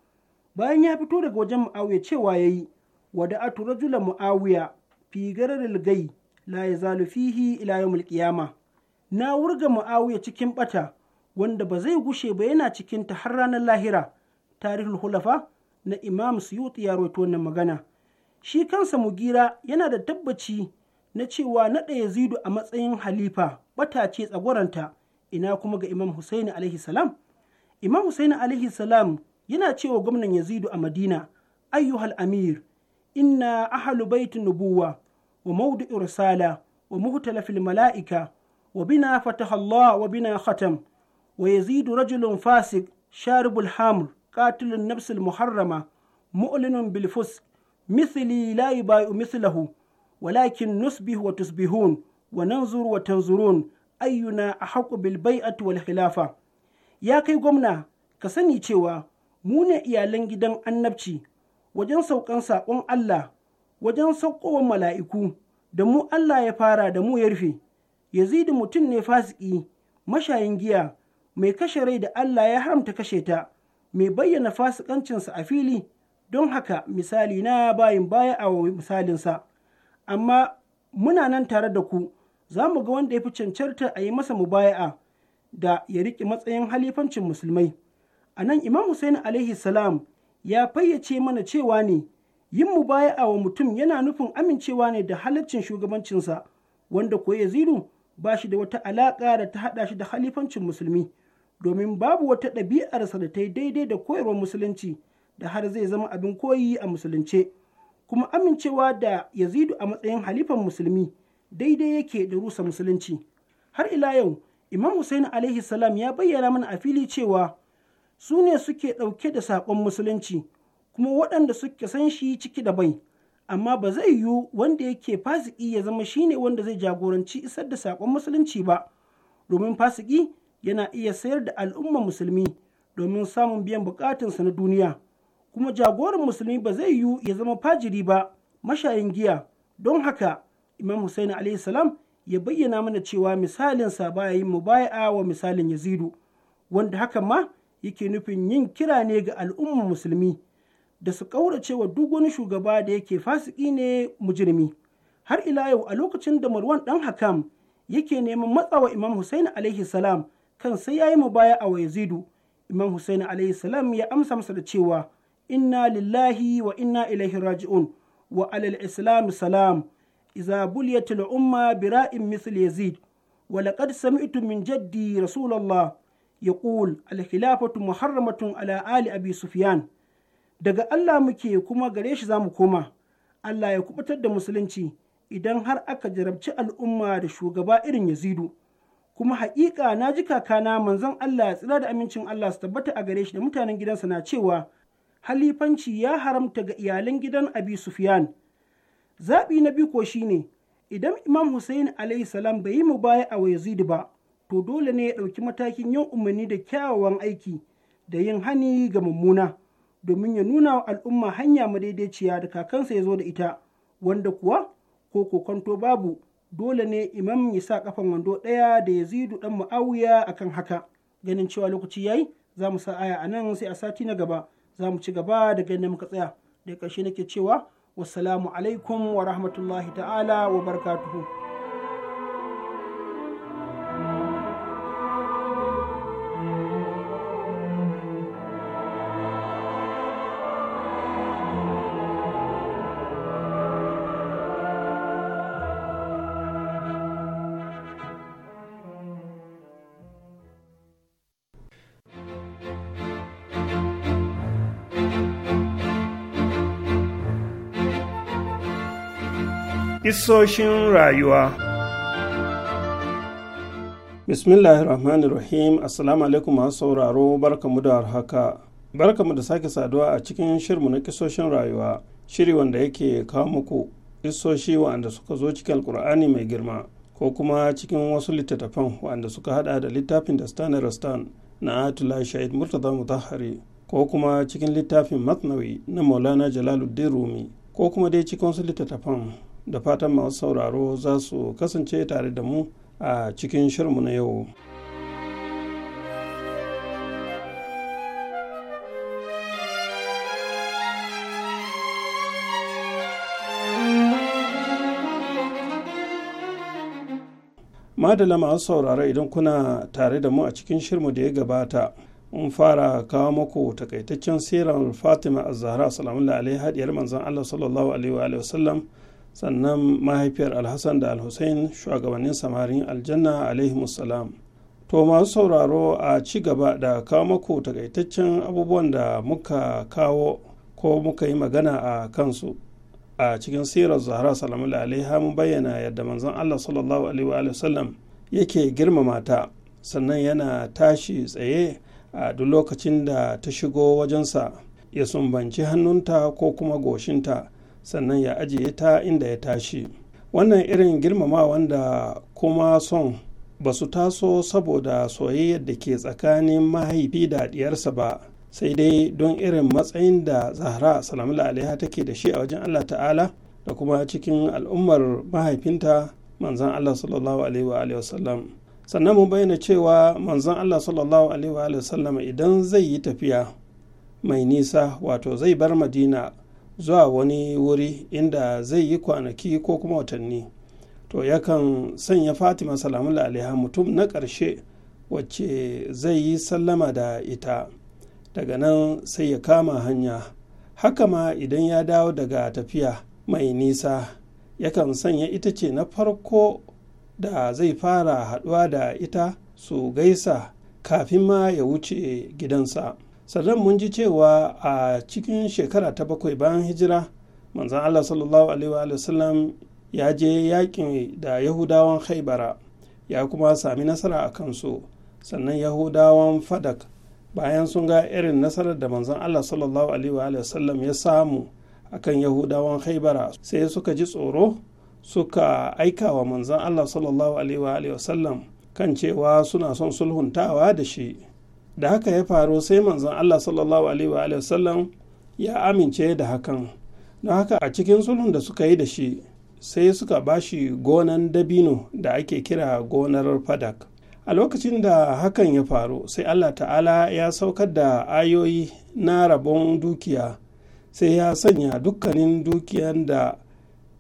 bayan ya fito daga wajen mu'awiya cewa ya yi wada atu rajula mu'awiya fi gararil gai la ya zalu fihi ila yawmul qiyama na wurga mu'awiya cikin bata wanda ba zai gushe ba yana cikin ta har ranar lahira tarihul hulafa na imam suyuti ya rawaito wannan magana shi kansa mugira yana da tabbaci na cewa na ɗaya yazidu a matsayin halifa bata ce tsagwaranta ina kuma ga imam husaini alaihi salam imam husaini alaihi salam yana cewa gwamnan yazidu a madina ayyuhal amir inna ahalu baitin nubuwa wa maudu risala wa muhtalafil mala'ika wa bina fatahallah wa bina khatam wa yazidu rajulun fasik sharibul hamr qatilun nafsul muharrama mu'linun bil fusk walakin walakin Nusbihu wa tusbihun, wa وتسبهون wa tanzurun, ayyuna a haƙubil bai'atu wal khilafa ya kai gwamna ka sani cewa mu ne iyalan gidan annabci wajen saukan saƙon Allah wajen saukowa mala'iku da mu Allah ya fara da mu ya rufe yazidu mutum ne fasiki mashayin giya mai kashe rai da Allah ya haramta kashe ta mai bayyana fasikancinsa a fili don haka misali na bayin baya a misalinsa amma muna nan tare da ku za mu ga wanda ya fi cancanta a yi masa mubaya'a da ya riƙe matsayin halifancin musulmai. A nan Imam Hussein alaihi salam ya fayyace mana cewa ne yin mubaya'a wa mutum yana nufin amincewa ne da halaccin shugabancinsa wanda ko Yazidu ba shi da wata alaƙa da ta haɗa shi da halifancin musulmi domin babu wata ɗabi'arsa da ta yi daidai da koyarwar musulunci da har zai zama abin koyi a musulunce kuma amincewa da Yazidu a matsayin halifan musulmi daidai yake da rusa musulunci har ila yau Imam Hussein alaihi salam ya bayyana mana a fili cewa su ne suke ɗauke da saƙon musulunci kuma waɗanda suke san shi ciki da bai amma ba zai yiwu wanda yake fasiki ya zama shine wanda zai jagoranci isar da saƙon musulunci ba domin fasiki yana iya sayar da al'umma musulmi domin samun biyan bukatunsa na duniya kuma jagoran musulmi ba zai yiwu ya zama fajiri ba mashayin giya don haka imam husaini alayhi salam ya bayyana mana cewa misalinsa baya yin mubaya'a wa misalin yazidu wanda haka ma yake nufin yin kira ne ga al'ummar musulmi da su ƙaurace duk wani shugaba da yake fasiki ne mujirmi har ila yau a lokacin da marwan ɗan hakam yake neman matsawa imam husain alaihi salam kan sai ya yi baya a wayazidu. imam husain alaihi salam ya amsa masa da cewa inna lillahi wa inna ilaihi raji'un wa alal islam salam iza buliyatil umma bira'in misl yazid wa laqad sami'tu min jaddi rasulullah يقول الخلافة محرمة على آل أبي سفيان daga Allah muke kuma gare shi za mu koma Allah ya kubutar da musulunci idan har aka jarabci al'umma da shugaba irin yazidu kuma haƙiƙa na ji kakana manzon Allah ya tsira da amincin Allah su tabbata a gare shi da mutanen gidansa na cewa halifanci ya haramta ga iyalan gidan abi sufyan na biyu ko shine idan imam hussein alayhi salam bai yi mu baya a yazidu ba to dole ne ya ɗauki matakin yin umarni da kyawawan aiki da yin hani ga mummuna domin ya nuna wa al'umma hanya madaidaiciya da kakansa ya zo da ita wanda kuwa ko kokonto babu dole ne imam ya sa kafan wando ɗaya da ya yazidu ɗan mu'awiya kan haka ganin cewa lokaci yayi za mu sa aya a nan sai a sati na gaba za mu ci gaba da ganin muka tsaya da ƙarshe nake cewa wassalamu alaikum wa rahmatullahi ta'ala wa barakatuhu Isoshin rayuwa Bismillahirrahmanirrahim Assalamu alaikum masu sauraro barkamu da warhaka. Barkamu da sake saduwa a cikin shirmu na kisoshin rayuwa, shiri wanda yake kawo muku isoshi wa'anda suka zo cikin alkur'ani mai girma ko kuma cikin wasu littattafan wa'anda suka hada da littafin da stan rastan na atula shahid murtaza mutahari ko kuma cikin littafin matnawi na maulana jalaluddin rumi ko kuma dai cikin wasu littattafan da fatan masu sauraro za su kasance tare da mu a cikin shirmu na yau. madala masu saurara idan kuna tare da mu a cikin shirmu da ya gabata mun fara kawo muku takaitaccen siran fatima a zahra salamun alaihi hadiyar manzan allah sallallahu alaihi wa sallam sannan mahaifiyar alhassan da alhussein shugabannin samarin aljanna alaihimussalam to masu sauraro a ci gaba da kawo maku takaitaccen abubuwan da muka kawo ko muka yi magana a kansu a cikin sirar zahra salamu alaiha mun bayyana yadda manzon allah sallallahu alaihi wa yake girmama ta sannan yana tashi tsaye a duk lokacin da ta shigo wajensa ya sumbanci hannunta ko kuma goshinta sannan ya ajiye ta inda ya tashi wannan irin girmama wanda kuma son ba su taso saboda soyayyar da ke tsakanin mahaifi da diyarsa ba sai dai don irin matsayin da zahra salamula alaiha take da shi a wajen allah ta'ala da kuma cikin al'ummar mahaifinta manzan allah sallallahu alaihi wa sallam sannan mu bayyana cewa manzan allah sallallahu alaihi wa sallam idan zai yi tafiya mai nisa wato zai bar madina zuwa wani wuri inda zai yi kwanaki ko kuma watanni to yakan sanya fatima salamu alaiha mutum na ƙarshe wacce zai yi sallama da ita daga nan sai ya kama hanya haka ma idan ya dawo daga tafiya mai nisa yakan sanya ita ce na farko da zai fara haɗuwa da ita su gaisa kafin ma ya wuce gidansa sannan mun ji cewa a cikin shekara ta bakwai bayan hijira manzan allah sallallahu alaihi wasallam ya je yakin da yahudawan haibara ya kuma sami nasara a kansu sannan yahudawan fadak bayan sun ga irin nasarar da manzan allah sallallahu alaihi wasallam ya samu a kan yahudawan haibara sai suka ji tsoro suka aika wa manzan allah sallallahu alaihi wasallam kan cewa suna son sulhuntawa da shi da haka ya faru sai manzon Allah sallallahu alaihi wa sallam ya amince da hakan don haka a cikin sulhun da suka yi da shi sai suka ba shi gonan dabino da ake kira gonar fadak a lokacin da hakan ya faru sai Allah ta'ala ya saukar da ayoyi na rabon dukiya sai ya sanya dukkanin dukiyan da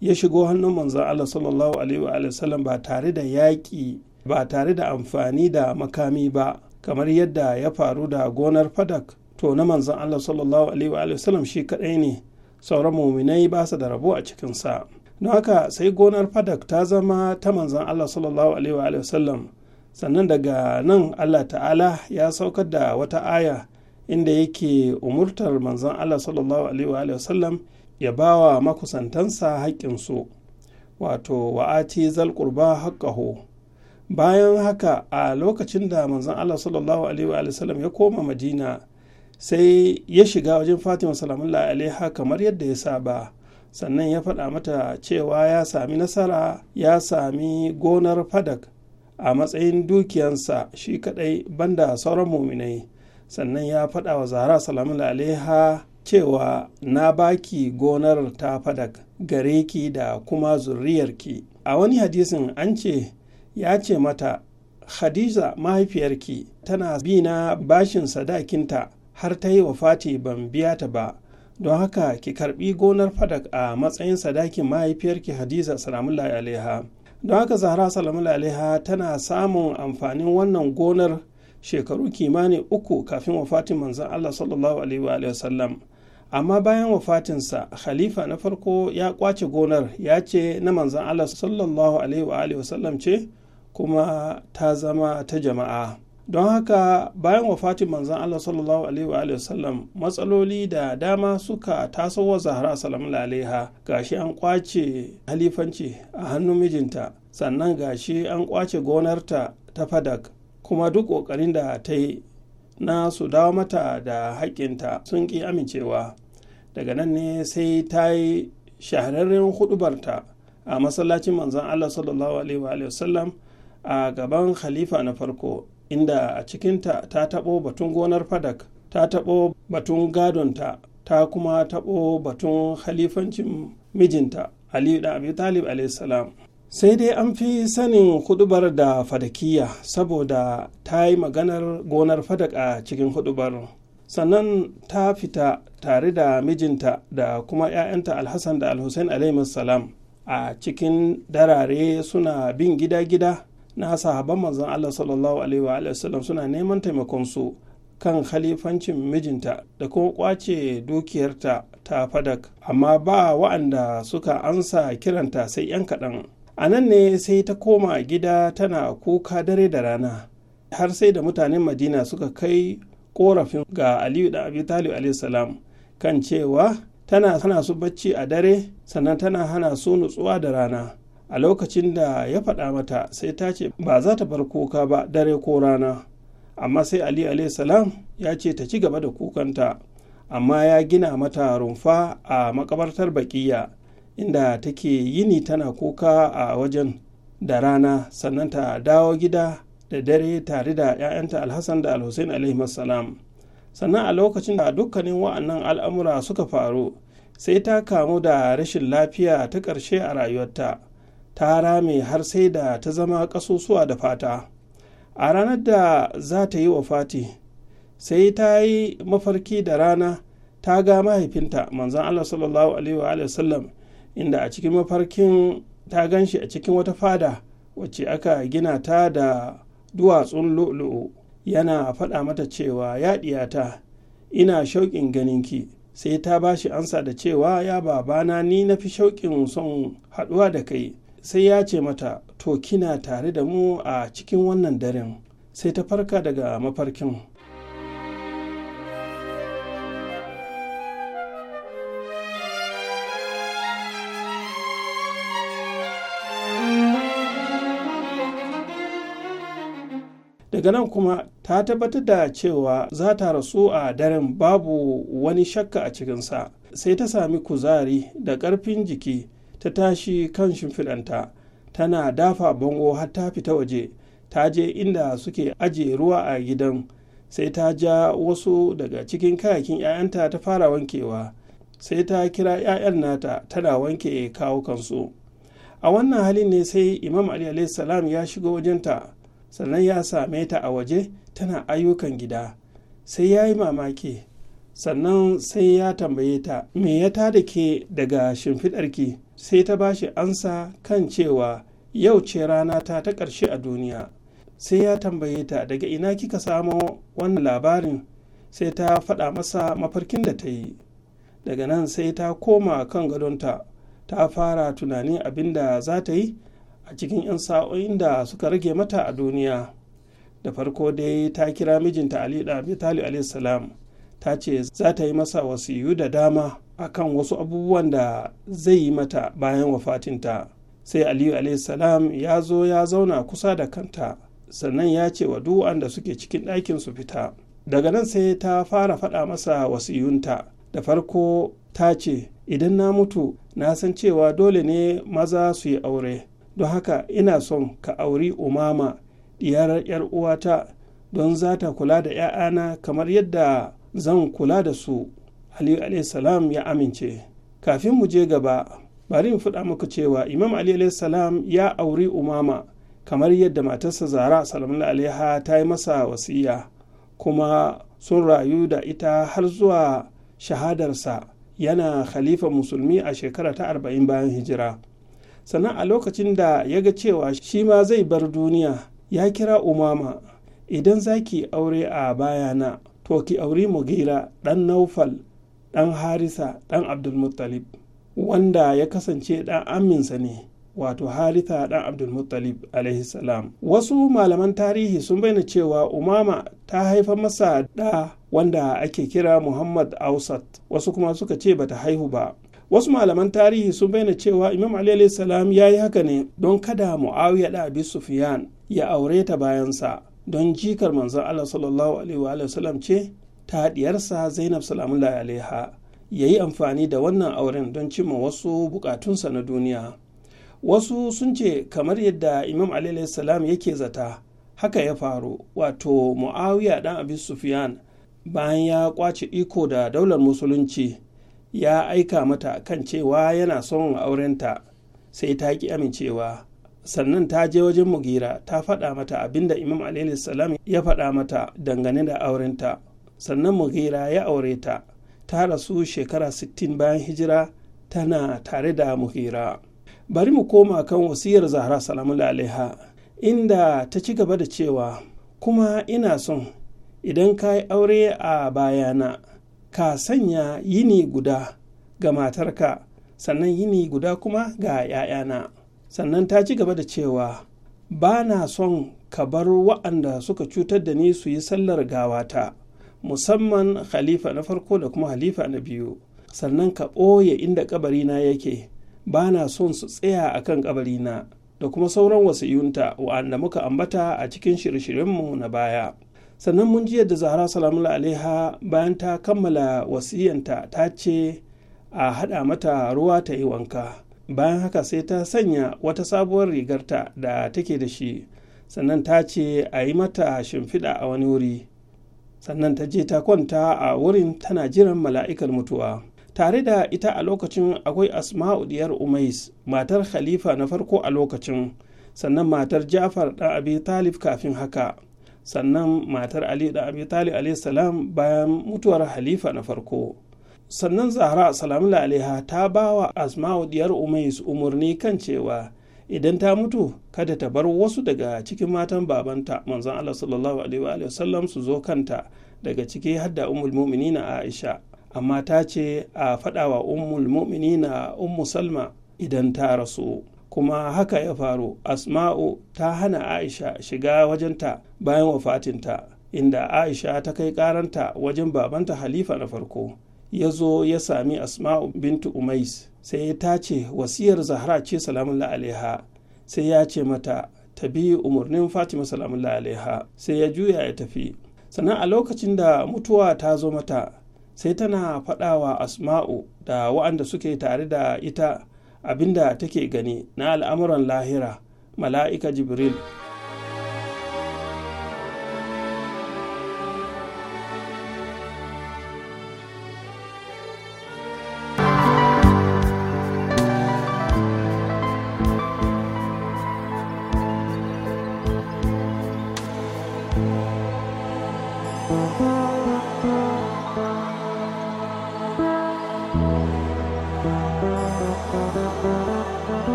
ya shigo hannun manzon Allah sallallahu alaihi wa sallam ba tare da yaƙi ba tare da amfani da makami ba kamar yadda ya faru da gonar fadak to na manzan Allah sallallahu alaihi wa sallam shi kadai ne sauran muminai ba su da rabo a cikinsa don haka sai gonar fadak ta zama ta manzan Allah sallallahu alaihi wa sallam sannan daga nan Allah ta'ala ya saukar da wata aya inda yake umurtar manzan Allah sallallahu alaihi wa sallam ya bawa makusantansa haƙƙinsu wato wa'ati zal bayan haka a lokacin da manzon allah sallallahu alaihi wa ya koma madina sai ya shiga wajen fatima salamullahi alaiha kamar yadda ya saba sannan ya faɗa mata cewa ya sami nasara ya sami gonar fadak a matsayin dukiyansa shi kadai banda sauran muminai sannan ya faɗa wa zara salamullahi alaiha cewa na baki gonar ta fadak gare ki da kuma zurriyarki a wani hadisin an ce ya ce mata Hadiza mahaifiyarki tana bi na bashin sadakinta har ta yi wa fati ban biya ta ba don haka ki karbi gonar fadak a matsayin sadakin mahaifiyarki Hadiza salamullahi alaiha don haka zahra salamullahi alaiha tana samun amfanin wannan gonar shekaru kimanin uku kafin fatin manzon Allah sallallahu alaihi wa sallam amma bayan wafatinsa khalifa na farko ya kwace gonar ya ce na manzon Allah sallallahu alaihi wa sallam ce kuma ta zama ta jama'a don haka bayan wafatin manzan Allah sallallahu alaihi wa sallam matsaloli da dama suka taso wa zahra salamu alaiha gashi an kwace halifanci a hannun mijinta sannan gashi an kwace gonarta ta fadak kuma duk ƙoƙarin da ta yi na su dawo mata da haƙƙinta sun ƙi amincewa daga nan ne sai ta yi shahararren hudubarta a masallacin manzan Allah sallallahu alaihi wa sallam a gaban khalifa na farko inda a cikinta ta taɓo batun gonar fadak ta taɓo batun gadonta ta kuma taɓo batun khalifancin mijinta aliyu da abi talib salam sai dai an fi sanin hudubar da fadakiya saboda ta yi maganar gonar fadak a cikin hudubar sannan ta fita tare da mijinta da kuma 'ya'yanta alhassan da alhussein salam a cikin darare suna bin gida-gida na sahaban manzon Allah sallallahu alaihi wa suna neman taimakon su kan khalifancin mijinta da kuma kwace dukiyarta ta fadak amma ba wa'anda suka ansa kiranta sai 'yan kaɗan a nan ne sai ta koma gida tana kuka dare da rana har sai da mutanen madina suka kai korafin ga aliyu da abi talib salam kan cewa tana hana su bacci a dare sannan tana hana su nutsuwa da rana a lokacin da ya faɗa mata sai ta ce ba za ta bar kuka ba dare ko rana amma sai ali salam ya ce ta ci gaba da kukanta amma ya gina mata rumfa a makabartar bakiya inda take yini tana kuka a wajen da rana sannan ta dawo gida da dare tare da 'ya'yanta alhassan da alhussein salam sannan a lokacin da dukkanin wa'annan al'amura suka faru sai ta kamu da rashin lafiya ta ƙarshe a rayuwarta ta rame har sai da ta zama ƙasusuwa da fata a ranar da za ta yi wa fati sai ta yi mafarki da rana ta ga mahaifinta manzan allah sallallahu alaihi wasallam inda a cikin mafarkin ta gan shi a cikin wata fada wacce aka gina ta da duwatsun lu'lu'u yana faɗa mata cewa ya ɗiyata ina shauƙin ganinki sai ta ba shi ansa da cewa ya babana ni na fi shauƙin son haɗuwa da kai sai ya ce mata to kina tare da mu a cikin wannan daren sai ta farka daga mafarkin daga nan kuma ta tabbatar da cewa za ta rasu a daren babu wani shakka a cikinsa sai ta sami kuzari da ƙarfin jiki ta tashi kan shimfiɗanta tana dafa bango har ta fita waje ta je inda suke ajiye ruwa a gidan sai ta ja wasu daga cikin kayakin 'ya'yanta ta fara wankewa sai ta kira 'ya'yan nata tana wanke kawukansu a wannan halin ne sai imam ali salam ya shiga wajenta sannan ya same ta a waje tana ayyukan gida sai ya yi mamaki sannan sai ya tambaye ta me ya tada ke daga shimfiɗarki sai ta ba shi ansa kan cewa yau ce rana ta ta ƙarshe a duniya sai ya tambaye ta daga ina kika samo wannan labarin sai ta faɗa masa mafarkin da ta yi daga nan sai ta koma kan gadonta ta fara tunanin abin da za ta yi a cikin 'yan sa'o'in da suka rage mata a duniya da farko dai ta kira mijinta ali da ta ce za ta yi masa wasi'u da dama akan wasu abubuwan da zai yi mata bayan wafatinta sai aliyu salam ya zo ya zauna kusa da kanta sannan ya ce wa du'an da suke cikin ɗakin su fita daga nan sai ta fara faɗa masa wasiyunta da farko ta ce idan na mutu na san cewa dole ne maza su yi aure don haka ina son ka auri umama diyar yar uwata don za ta kula da 'ya'yana kamar yadda zan kula da su aliyu salam ya amince kafin mu je gaba bari in faɗa muku cewa imam ali salam ya auri umama kamar yadda matarsa zara salamun alaiha ta yi masa wasiya kuma sun rayu da ita har zuwa shahadarsa yana khalifa musulmi a shekara ta arba'in bayan hijira sannan a lokacin da ya ga cewa shi ma zai bar duniya ya kira umama idan zaki aure a bayana to ki auri mugira ɗan naufal ɗan harisa ɗan abdulmuttalib wanda ya kasance ɗan aminsa ne wato haritha ɗan abdulmuttalib wasu malaman tarihi sun bayyana cewa umama ta haifa masa ɗa wanda ake kira muhammad ausat wasu kuma suka ce bata haihu ba wasu malaman tarihi sun bayyana cewa imam ya yi haka ne don kada muawiya da abi sufiyan ya aure ta bayansa don jikar manzon allah sallallahu alaihi wa sallam ce ta diyarsa zainab salamullahi alaiha ya yi amfani da wannan auren don cimma wasu bukatunsa na duniya wasu sun ce kamar yadda imam salam yake zata haka ya faru wato muawiya ɗan abi sufyan bayan ya kwace iko da daular musulunci ya aika mata kan cewa yana son aurenta sai ta ki amincewa sannan ta je wajen mugira ta faɗa mata abinda imam salam ya faɗa mata dangane da aurenta sannan muhira ya aure ta ta rasu shekara 60 bayan hijira tana tare da muhira. bari mu koma kan wasiyar zahra salamu alaiha inda ta ci gaba da cewa kuma ina son idan ka yi aure a bayana ka sanya yini guda ga matarka sannan yini guda kuma ga 'ya'yana sannan ta ci gaba da cewa ba na son ka bar wa'anda suka cutar da ni su yi sallar gawata musamman khalifa na farko da kuma halifa na biyu sannan ka ɓoye inda ƙabarina yake ba na son su tsaya a kan ƙabarina da kuma sauran wasiyunta wa'anda muka ambata a cikin shirye-shiryenmu na baya sannan mun ji yadda zahra salamu alaiha bayan ta kammala wasiyanta ta ce a haɗa mata ruwa ta yi wanka bayan haka sai ta sanya wata sabuwar rigarta da take da shi sannan ta ce a yi mata shimfiɗa a wani wuri sannan ta je ta kwanta a wurin tana jiran mala'ikar mutuwa tare da ita a lokacin akwai asma'u diyar umais matar khalifa na farko a lokacin sannan matar jafar da abi talib kafin haka sannan matar ali da abi talib salam bayan mutuwar halifa na farko sannan zahra salamu alaiha ta bawa asma'u diyar umais umarni kan cewa idan ta mutu kada ta bar wasu daga cikin matan babanta manzon Allah sallallahu alaihi wa sallam su zo kanta daga ciki hadda ummul mu'minina Aisha amma ta ce a faɗawa ummul mu'minina ummu Salma idan ta rasu kuma haka ya faru asma'u ta hana aisha shiga wajenta bayan wafatinta inda aisha ta kai karanta wajen babanta halifa na farko ya zo ya sami asma'u bintu umais sai ya tace wasiyar zahra ce salamun alaiha sai ya ce mata ta bi umarnin fatima salamun alaiha sai ya juya ya tafi sannan a lokacin da mutuwa ta zo mata sai tana faɗawa asma'u da wa'anda suke tare da ita abinda take gani na al'amuran lahira mala'ika jibril